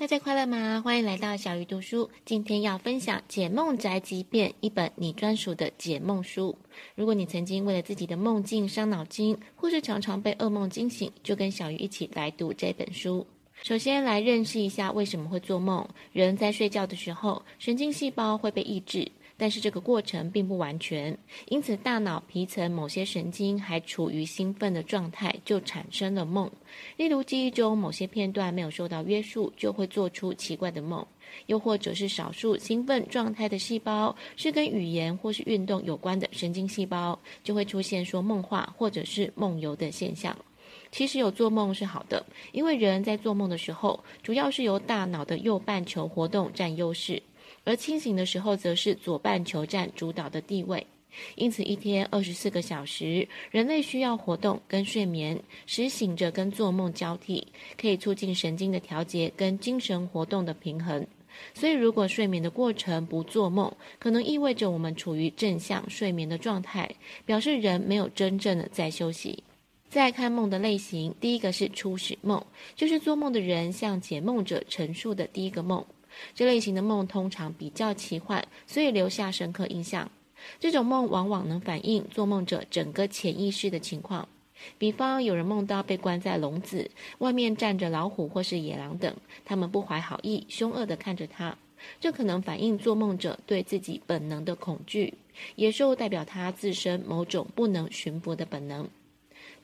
大家快樂嗎？歡迎來到小魚讀書。今天要分享《解夢宅急便》，一本你專屬的解夢書。如果你曾經為了自己的夢境傷腦筋，或是常常被噩夢驚醒，就跟小魚一起來讀這本書。首先來認識一下為什麼會做夢。人在睡覺的時候，神經細胞會被抑制。但是這個過程並不完全，因此大腦皮層某些神經還處於興奮的狀態，就產生了夢。例如記憶中某些片段沒有受到約束，就會做出奇怪的夢；又或者是少數興奮狀態的細胞是跟語言或是運動有關的神經細胞，就會出現說夢話或者是夢遊的現象。其實有做夢是好的，因為人在做夢的時候，主要是由大腦的右半球活動佔優勢。而清醒的時候，則是左半球占主導的地位。因此，一天二十四個小時，人類需要活動跟睡眠，使醒着跟做夢交替，可以促進神經的調節跟精神活動的平衡。所以，如果睡眠的過程不做夢，可能意味着我們處於正向睡眠的狀態，表示人沒有真正的在休息。再看夢的類型，第一個是初始夢，就是做夢的人向解夢者陳述的第一個夢。這類型的夢通常比較奇幻，所以留下深刻印象。這種夢往往能反映做夢者整個潛意識的情況。比方，有人夢到被關在籠子，外面站着老虎或是野狼等，他們不懷好意、兇惡地看着他。這可能反映做夢者對自己本能的恐懼。野獸代表他自身某種不能馴服的本能。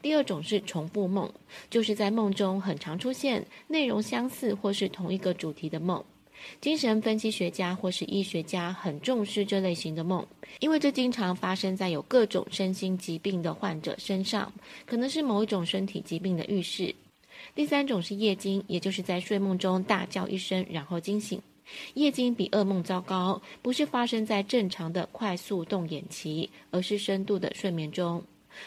第二種是重複夢，就是在夢中很常出現內容相似或是同一個主題的夢。精神分析學家或是醫學家很重視這類型的夢，因為這經常發生在有各種身心疾病的患者身上，可能是某一種身體疾病的預示。第三種是夜驚，也就是在睡夢中大叫一聲，然後驚醒。夜驚比噩夢糟糕，不是發生在正常的快速動眼期，而是深度的睡眠中。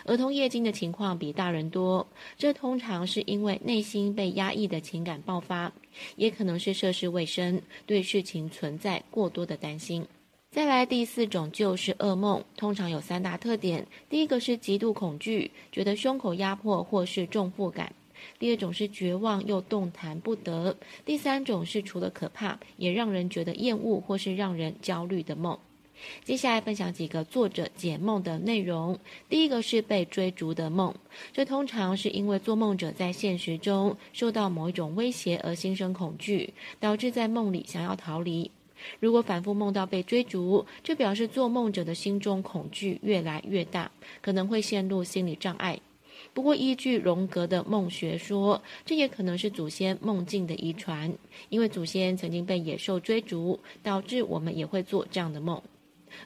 兒童夜驚的情況比大人多，這通常是因為內心被壓抑的情感爆發，也可能是涉世未深，對事情存在過多的擔心。再來第四種就是噩夢，通常有三大特點：第一個是極度恐懼，覺得胸口壓迫或是重負感；第二種是絕望又動彈不得；第三種是除了可怕，也讓人覺得厭惡或是讓人焦慮的夢。接下來分享幾個作者解夢的內容。第一個是被追逐的夢，這通常是因為做夢者在現實中受到某一種威脅而心生恐懼，導致在夢裡想要逃離。如果反復夢到被追逐，這表示做夢者的心中恐懼越來越大，可能會陷入心理障礙。不過，依據榮格的夢學說，這也可能是祖先夢境的遺傳，因為祖先曾經被野獸追逐，導致我們也會做這樣的夢。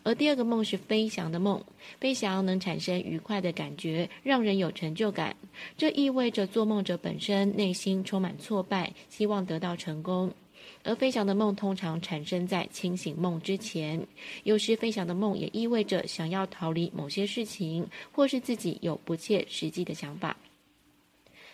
而第二個夢是飛翔的夢，飛翔能產生愉快的感覺，讓人有成就感。這意味着做夢者本身內心充滿挫敗，希望得到成功。而飛翔的夢通常產生在清醒夢之前，有時飛翔的夢也意味着想要逃離某些事情，或是自己有不切實際的想法。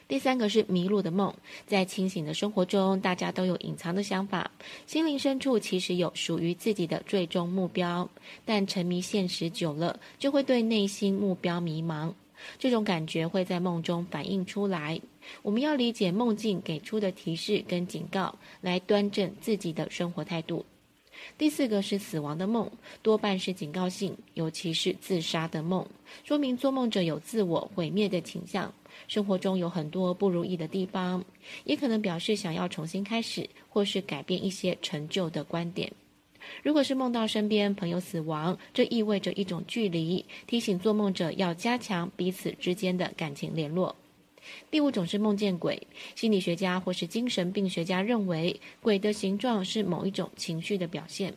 第三個是迷路的夢，在清醒的生活中，大家都有隱藏的想法，心靈深處其實有屬於自己的最終目標，但沉迷現實久了，就會對內心目標迷茫，這種感覺會在夢中反映出來。我們要理解夢境給出的提示跟警告，來端正自己的生活態度。第四個是死亡的夢，多半是警告性，尤其是自殺的夢，說明做夢者有自我毀滅的傾向。生活中有很多不如意的地方，也可能表示想要重新開始，或是改變一些陳舊的觀點。如果是夢到身邊朋友死亡，這意味着一種距離，提醒做夢者要加強彼此之間的感情聯絡。第五種是夢見鬼。心理學家或是精神病學家認為，鬼的形狀是某一種情緒的表現。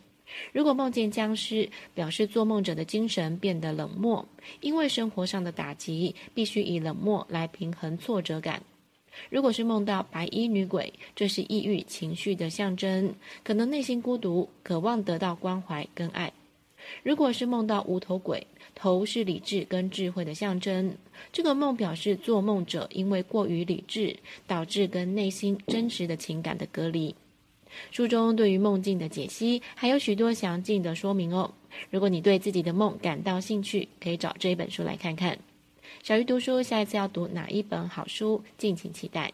如果夢見殭屍，表示做夢者的精神變得冷漠，因為生活上的打擊，必須以冷漠來平衡挫折感。如果是夢到白衣女鬼，這是抑鬱情緒的象徵，可能內心孤獨，渴望得到關懷跟愛。如果是夢到無頭鬼，頭是理智跟智慧的象徵，這個夢表示做夢者因為過於理智，導致跟內心真實的情感的隔離。書中對於夢境的解析還有許多詳盡的說明哦。如果你對自己的夢感到興趣，可以找這一本書來看看。小魚讀書下一次要讀哪一本好書？敬請期待。